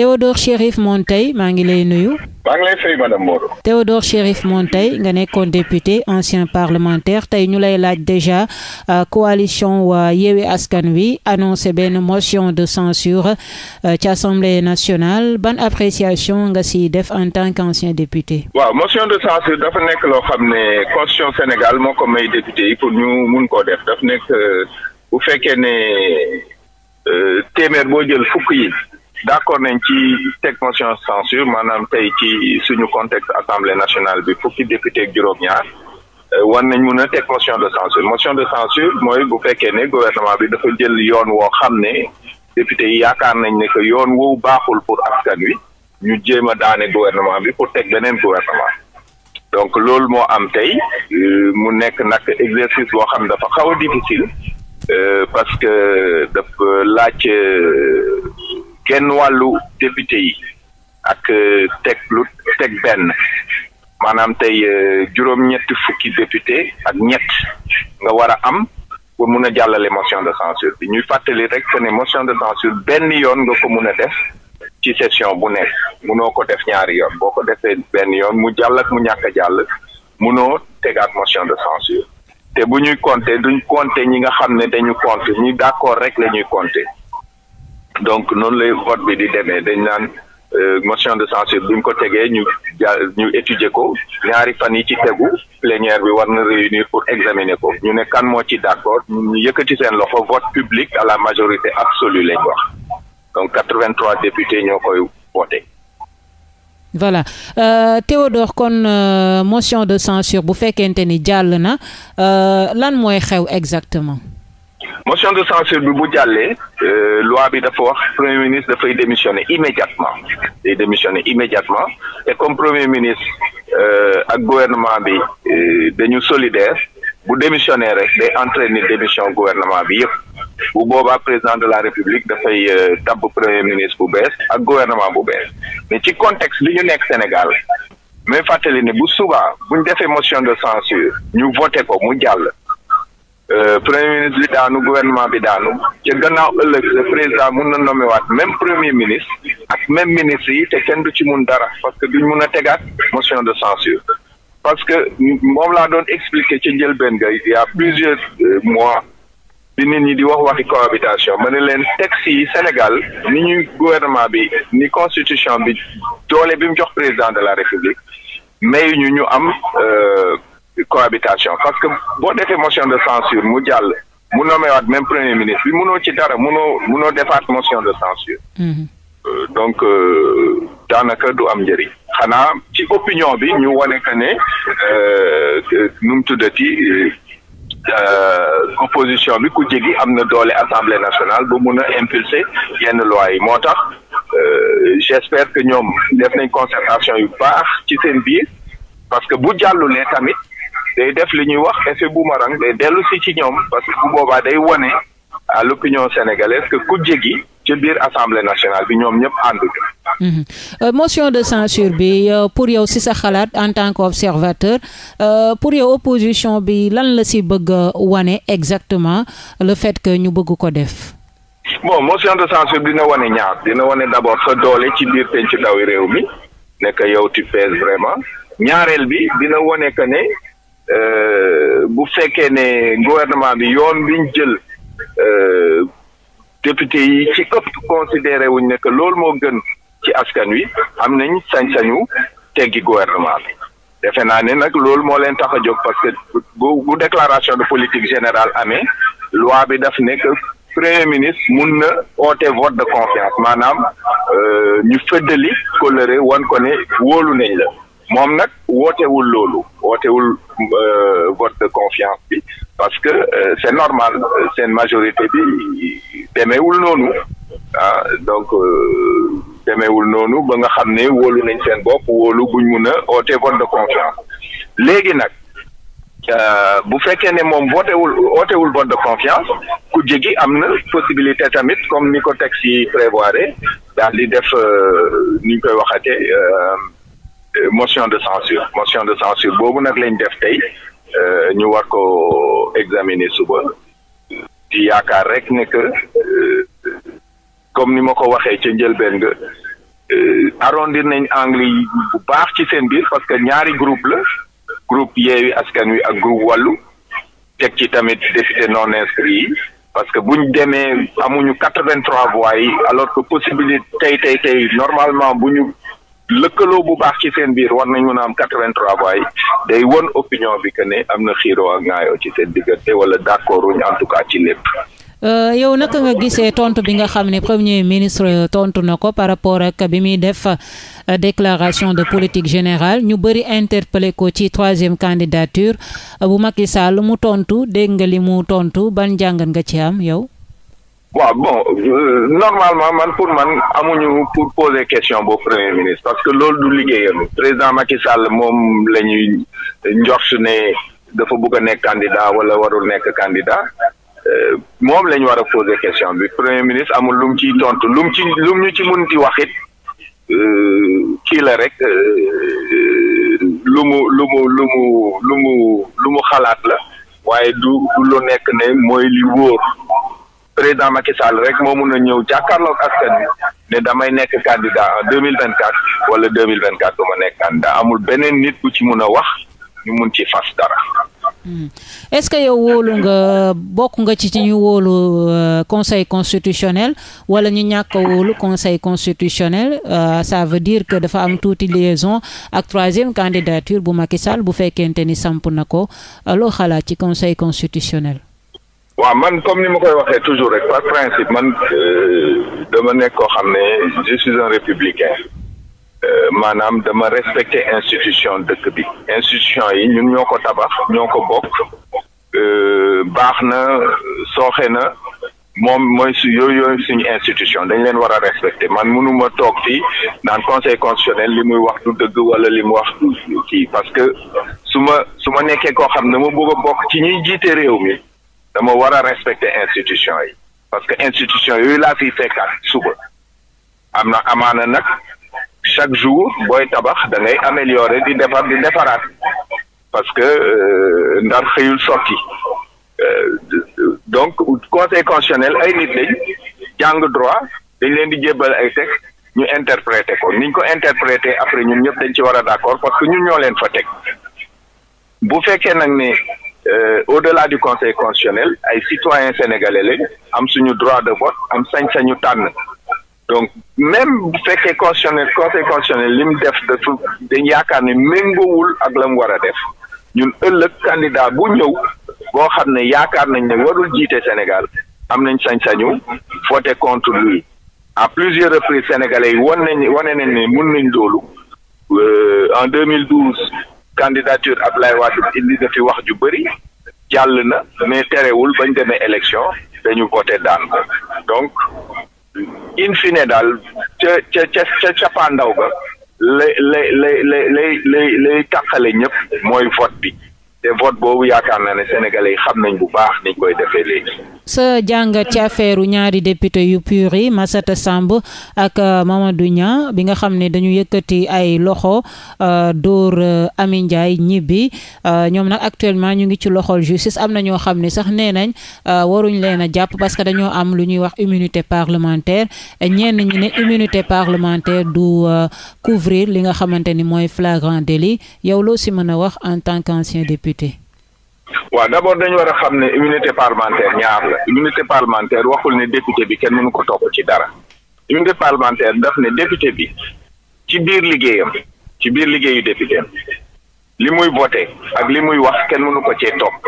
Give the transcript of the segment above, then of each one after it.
Théodore Chérif Monteil maa ngi lay nuyu. maa ngi lay fay madame Moreau. Théodore Chérif Monteil nga nekkoon député ancien parlementaire tey ñu lay laaj déjà euh, coalition waa euh, Yewwi Askan Wi annoncé benn motion de censure euh, ci assemblée nationale ban appréciation nga si def en tant qu'ancien député. waaw motion de censure dafa nekk loo xam ne constitution Sénégal moo ko may député yi pour ñu mun koo def nekk bu fekkee ne téeméer boo jël fukk yi. d'accord nañ ci teg motion censure maanaam tey ci suñu contexte assemblée nationale bi fukki député ak juróom-ñaar euh, war nañ mun a teg motion de censure motion de censure mooy bu fekkee ne gouvernement bi dafa jël yoon woo xam ne député yi yaakaar nañ ne que yoon woowu baaxul pour askan wi ñu jéem a daane gouvernement bi pour teg beneen gouvernement donc loolu moo am tey euh, mu nekk nag exercice boo xam dafa xaw a difficile euh, parce que daf laaj genn wàllu député yi ak euh, teg lu teg benn maanaam tey euh, juróom-ñetti fukki député ak ñett nga war a am pour mun a jàllale motion de censure bi ñuy fàttali rek que ne motion de censure benn yoon nga ko mun a def ci session bu nekk munoo ko def ñaari yoon boo ko defee benn yoon mu jàll ak mu ñàkk a jàll munoo tegaat motion de censure te bu ñuy compter duñ compter ñi nga xam ne dañu compter ñi d'accord rek lañuy ñuy donc noonu lay vote bi di demee dañ naan euh, motion de censure buñ ko tegee ñu ñu étudier ko ñaari fan yi ci tegu plénière bi war na réunir pour examiner ko ñu ne kan moo ci d'accord ñu yëkkati seen loxo vote public à la majorité absolue lañ wax donc 83 députés ñoo koy voté. voilà euh, Théodore kon euh, motion de censure bu fekkente ni jàll na euh, lan mooy xew exactement. motion de censure bi bu jàllee euh, loi bi dafa wax premier ministre dafay démissionner immédiatement day démissionner immédiatement et comme premier ministre euh, ak gouvernement bi euh, dañu solidaire bu démissionner rek day ni démission gouvernement bi yëpp bu boobaa président de la république dafay tabb premier ministre bu bees ak gouvernement bu bees mais ci contexte li ñu nekk Sénégal mais fàttali ne bu subaa buñ defee motion de censure ñu voté ko mu jàll Euh, premier ministre bi daanu gouvernement bi daanu ca gannaaw ëllëg le président mun na nommé waat même premier ministre ak même ministre yi te kenn du ci mun dara parce que duñ mun a tegaat motion de censure parce que moom laa doon expliquer ca njëlbeen ga il y plusieurs euh, mois bi nit ñi di wax waxi cohabitation ma ne leen texte yi Sénégal ni ñuy gouvernement bi ni constitution bi doole bi mu jox président de la république mayu ñu ñu am euh, cohabitation parce que boo defee motion de censure mu jàll mu nommewaat même premier ministre bi mënoo ci dara mënoo mënoo defaat motion de censure mhm. euh, donc euh, daanaka du am njëriñ xanaa ci opinion bi ñu wane que ne euh, nu mu tuddati bi ku jegi am na doole assemblée nationale ba mun a yenn loi moo tax j'espère que ñoom def nañ concertation yu baax ci seen biir parce que bu jàllulee tamit day def li ñuy wax effet boomerang day dellu si ci ñoom parce que bu boobaa day wane à l'opinion sénégalaise que kujje gi ci biir assemblée nationale bi ñoom ñëpp ànduñu. Mhm. Euh, motion de censure bi euh, pour yow si sa xalaat en tant que qu'observateur euh, pour yow opposition bi lan la si bëgg a wane exactement le fait que ñu bëgg ko def. bon motion de censure dina wane ñaar dina wane d'abord sa doole ci biir penc ndawi réew mi nekk yow tu pèses vraiment ñaareel bi dina wane que ne. Euh, bu fekkee ne gouvernement bi yoon biñ jël euh, député yi ci këpp considéré wuñ nekk que loolu moo gën ci askan wi am nañ sañ-sañu teggi gouvernement bi defe naa ne nag loolu moo leen tax a jóg parce que bu bu déclaration de politique générale amee loi bi daf nekk que premier ministre mun na oote vote de confiance maanaam euh, ñu fëddali kóllëre wan ko ne wóolu nañ la moom nag wootewul loolu wootewul euh, vote de confiance bi parce que euh, c'est normal seen majorité bi demeewul noonu ah donc euh, demeewul noonu ba nga xam ne wóolu nañ seen bopp wóolu buñ mun a oote vote de confiance léegi nag bu fekkee ne moom vootewul ootewul vote de confiance ku jégi am na possibilité tamit comme ni ko texte yi prévoiré daal di def ni ñu koy waxate Euh, motion de censure motion de censure boobu nag lañ def tey euh, ñu war ko examiner suba di yaakaar rek ne euh, comme ni ma ko waxee ci njëlbeen nga arrondir nañ angle bu baax ci seen biir parce que ñaari groupe la groupe yeewi askan wi ak groupe wàllu teg ci tamit député non inscrit yi parce que buñ demee amuñu quatre vingt trois voix yi alors que possibilité tey tey tey normalement bu lëkkaloo bu baax ci seen biir war nañ mën a am quatre vingt trois voix day won opinion bi que ne am na xiiroo ak ngaayoo ci seen diggante wala d' accord wuñ ci lépp. Euh, yow naka nga gisee tontu bi nga xam ne premier ministre euh, tontu na ko par rapport ak bi muy def euh, déclaration de politique générale ñu bëri interpellé ko ci troisième candidature bu Macky lu mu tontu dégg nga li mu tontu ban jàngat nga ci am yow. waaw bon euh, normalement man pour man amuñu pour poser question boo premier ministre parce que loolu du liggéeyam président Macky Sall moom la ñuy njort ne dafa bugg a nekk candidat wala warul nekk candidat euh, moom la ñu war a poser question bi premier ministre amul lu mu ciy tontu lu mu ci lu mu ñu ci mën di wax it euh, kii la rek lu mu lu mu lu mu lu mu xalaat la waaye du du lu nekk ne mooy li wóor. président Macky Sall rek moo mun a ñëw jàkkaarloog askan bi ne damay nekk candidat en mille vingt quatre wala deux mille vingt quatre du ma nekk candidat amul beneen nit bu ci mun a wax ñu mun ci fas dara. Hmm. est-ce que yow wóolu nga bokk nga ci ci ñu wóolu euh, conseil constitutionnel wala ñu ñàkk a wóolu conseil constitutionnel euh, ça veut dire que dafa am tuuti liaison ak troisième candidature bu Macky Sall bu fekkente ni samp na ko aloo euh, xalaat ci conseil constitutionnel. waaw man comme ni ma koy waxee toujours rek par principe man euh, dama nekk koo xam ne je suis un républicain euh, maanaam dama respecter institution dëkk bi institution yi ñun ñoo ko tabax ñoo ko bokk euh, baax na sooxe na moom mooy su yooyu yooyu suñu institution dañ leen war a respecter man mënuma toog fii naan conseil constitutionnel li muy waxtu du dëgg wala li mu wax du parce que su ma su ma nekkee koo xam ne dama bëgg a bokk ci ñuy jiite réew mi dama war a respecter institution yi parce que institution yooyu laa fiy fekkaat suba am na amaana nag chaque jour booy tabax da ngay améliorer di defar di defaraat parce que euh, ndar xëyul sotti euh, donc conseil constitutionnel ay nit lañ jàng droit dañ leen di jébbal ay texte ñu interpréter ko ñu ko interpréter après ñun ñëpp dañ ci war a d'accord parce que ñun ñoo leen fa teg bu fekkee nag ni Euh, au-delà du conseil constitutionnel ay citoyens sénégalais lañ am suñu droit de vote am sañ-sañu tànn donc même bu fekkee constitutionnel conseil constitutionnel li mu def dafa dañ yaakaar ne méngoowul ak la mu war a def ñun ëllëg candidat bu ñëw boo xam ne yaakaar nañ ne warul jiite Sénégal am nañ sañ-sañu voter contre lui à plusieurs reprises sénégalais yi wan nañ wane nañ ne mun nañ loolu euh, en 2012 candidature Abdoulaye Wade indi na fi wax ju bëri jàll na mais terewul bañ demee élection dañu voté daan ko donc in fine daal ca ca ca ca cappaandaw ga lay lay lay lay lay lay tàqale ñëpp mooy vote bi te vote boobu yaakaar naa ne sénégalais yi xam nañ bu baax niñ koy defee léegi. sa jàngat ci affaire ñaari député yu PUR yi Samb ak euh, du Niang bi nga xam ne dañu yëkkati ay loxo euh, dóor euh, Amy Ndiaye ñibbi ñoom nag actuellement ñu ngi ci loxol justice am na ñoo xam ne sax nee nañ waruñ leen jàpp parce que dañoo am lu ñuy wax immunité parlementaire ñenn ñi ne immunité parlementaire du couvrir li nga xamante ni mooy flagrant délit yow loo si mën a wax en tant qu'ancien député. waaw d' abord dañu war a xam ne immunité parlementaire ñaar la immunité parlementaire waxul ne député bi kenn mënu ko topp ci dara immunité parlementaire daf ne député bi ci biir liggéeyam ci biir liggéeyu député li muy voté ak li muy wax kenn mënu ko cee topp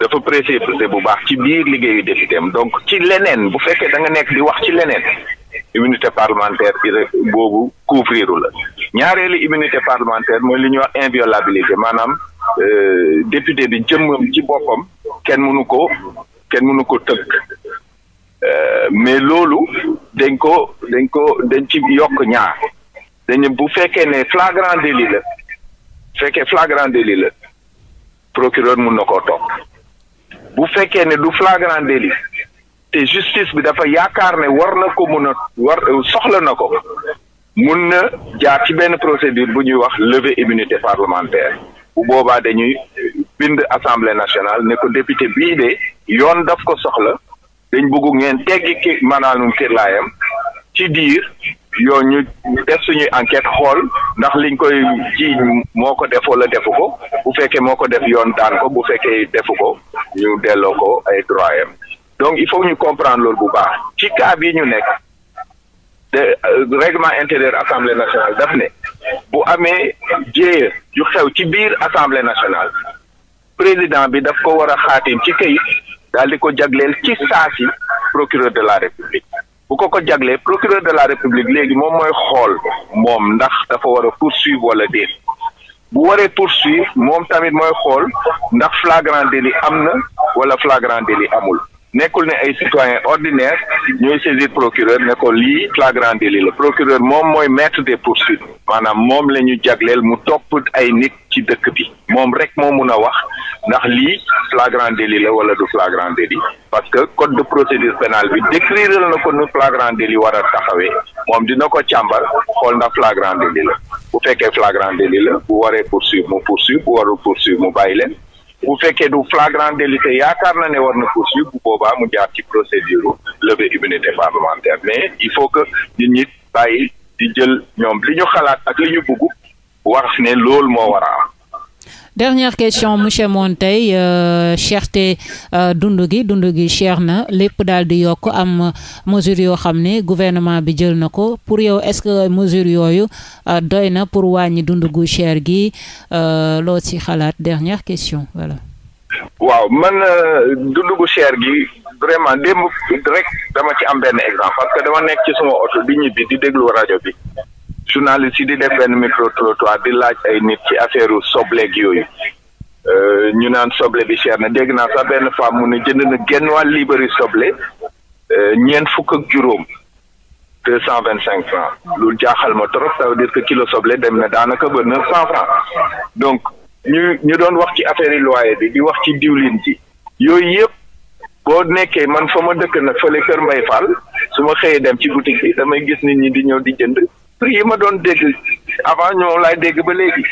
dafa préciser bu baax ci biir liggéeyu député donc ci leneen bu fekkee da nga nekk di wax ci leneen immunité parlementaire boobu couvriru la ñaareelu immunité parlementaire mooy li ñuy wax inviolabilité maanaam. Euh, député bi jëmmam ci boppam kenn mënu ko kenn mënu ko tëkk euh, mais loolu dañ ko dañ ko dañ ci yokk ñaar dañ bu fekkee ne flagrant délit la fekkee flagrant délit la procureur mun na ko topp bu fekkee ne du flagrant délit te justice bi dafa yaakaar ne war na ko mun a war soxla na ko mun na jaar ci benn procédure bu ñuy wax levée immunité parlementaire bu boobaa dañuy bind assemblée nationale ne ko député bii de yoon daf ko soxla dañ bëgg ngeen teggi ki maanaam kirlaayam ci diir yoo ñu def suñuy enquête xool ndax liñ koy jiiñ moo ko def wala defu ko bu fekkee moo ko def yoon daan ko bu fekkee defu ko ñu delloo ko ay droit yam donc il faut ñu comprendre loolu bu baax ci cas bii ñu nekk de euh, règlement intérieur assemblée nationale daf ne bu amee jéeya yu xew ci biir assemblée nationale président bi daf ko war a xaatim ci kayit daal di ko jagleel ci saasi procureur de la république bu ko ko jaglee procureur de la république léegi moom mooy xool moom ndax dafa war a poursuivre wala déet bu waree poursuivre moom tamit mooy xool ndax flagrant délit am na wala flagrant délit amul nekkul ne ay citoyen ordinaire ñooy saisir procureur ne ko lii flagrant délit la procureur moom mooy maître des poursuites maanaam moom la ñu jagleel mu topp ay nit ci dëkk bi moom rek moo mun a wax ndax lii flagrant délit la wala du flagrant délit parce que code de procédure pénale bi décrire na ko nu flagrant délit war a taxawee moom dina ko càmbar xool ndax flagrant délit la bu fekkee flagrant délit la bu waree poursuivre mu poursuivre bu warul poursuivre mu bàyyi leen bu fekkee du flagrant délit yaakaar na ne war na poursuivre bu boobaa mu jaar ci procédure levée immunité parlementaire mais il faut que nit ñi bàyyi di jël ñoom li ñu xalaat ak li ñu bëgg wax ne loolu moo wara am dernière question monsieur Montey euh, cherté euh, dund gi dund gi cher na lépp daal di yokk am mesure yoo xam ne gouvernement bi jël na ko pour yow est-ce que mesure yooyu euh, doy na pour wàññi dund gu cher gi euh, loo ci xalaat dernière question voilà. waaw man euh, dund gu cher gi vraiment démb rek dama ci am benn exemple parce que dama nekk ci suma oto di ñibbi di déglu rajo bi. journaliste yi di def benn micro trottoir di laaj ay nit ci affaire sobleeg yooyu euh, ñu naan soble bi cher na dégg naa sax benn femme mu ne jënd na genn wàll libari soble euh, ñeent fukk ak juróom deux cent vingt cinq francs lu jaaxal ma trop ça dire kilo soble dem na daanaka ba neuf cent francs donc ñu ñu doon wax ci affaire yi loyer bi di wax ci diwlin bi yooyu yëpp boo nekkee man fa ma dëkk nag fële Kër Mbay Fall su ma xëyee dem ci boutique bi damay gis nit ñi di ñëw di jënd prix yi ma doon dégg avant ñoom laay dégg ba léegi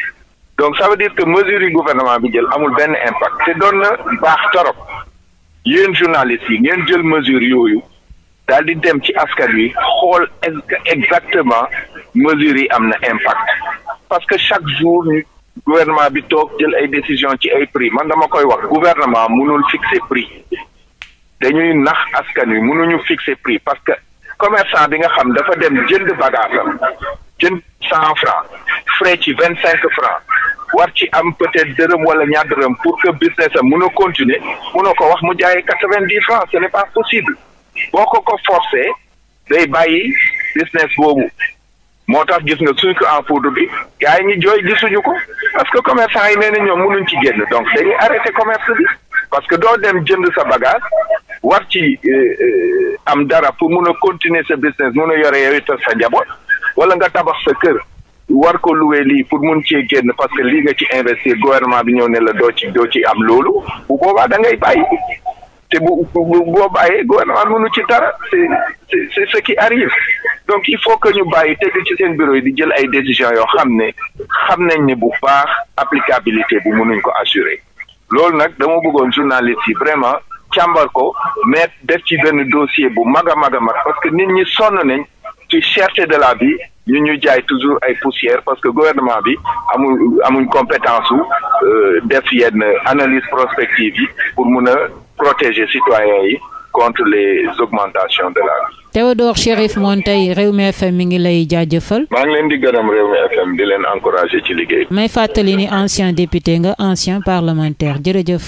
donc ça veut dire que mesure yi gouvernement bi jël amul benn impact te doon na baax torop yéen journalistes yi ngeen jël mesure yooyu daal di dem ci askan wi xool exactement mesures yi am na impact parce que chaque jour gouvernement bi toog jël ay décision ci ay prix man dama koy wax gouvernement mënul fixe prix dañuy nax askan wi mënuñu fixer prix parce que commerçant bi nga xam dafa dem jënd bagage am jënd cent franc frais ci vingt cinq franc war ci am peut-être dërëm wala ñaar dërëm pour que business mun a continuer munoo ko wax mu jaayee quatre vingt dix franc ce n'est pas possible boo ko ko forcé day bàyyi business boobu moo tax gis nga suñ ko en poudre bi gars yi ñu jooy gisuñu ko parce que commerçant yi nee na ñoom mënuñ ci génn donc dañuy arrêté commerce bi. parce que doo dem jënd sa bagage war ci euh, euh, am dara pour mun a continuer sa business mun a yore yow itam sa njaboot wala nga tabax sa kër war ko louer lii pour mun cee génn parce que lii nga ci investir gouvernement bi ñëw ne la doo ci doo ci am loolu bu boobaa da ngay bàyyi te bu bu boo bàyyee gouvernement ci dara c'est c'est ce qui arrive donc il faut que ñu bàyyi tëdd ci seen bureau yi di jël ay décisions yoo xam ne xam nañ ni bu baax applicabilité bi mënuñ ko assurer. loolu nag dama bëggoon journaliste yi vraiment càmbar ko mais def ci benn dossier bu mag a mag a mag parce que nit ñi sonn nañ ci cherté de la bi ñu ñu jaay toujours ay poussière parce que gouvernement bi amuñ amuñ compétence su euh, def yenn analyse prospective yi pour mun a protéger citoyens yi contre les augmentations de la vie. Théodore Chérif Monteil Rewmi FM mi ngi lay jaajëfal. maa ngi leen di gërëm Rewmi FM di leen encourager ci liggéey. may fàttali ni ancien député nga ancien parlementaire jërëjëf.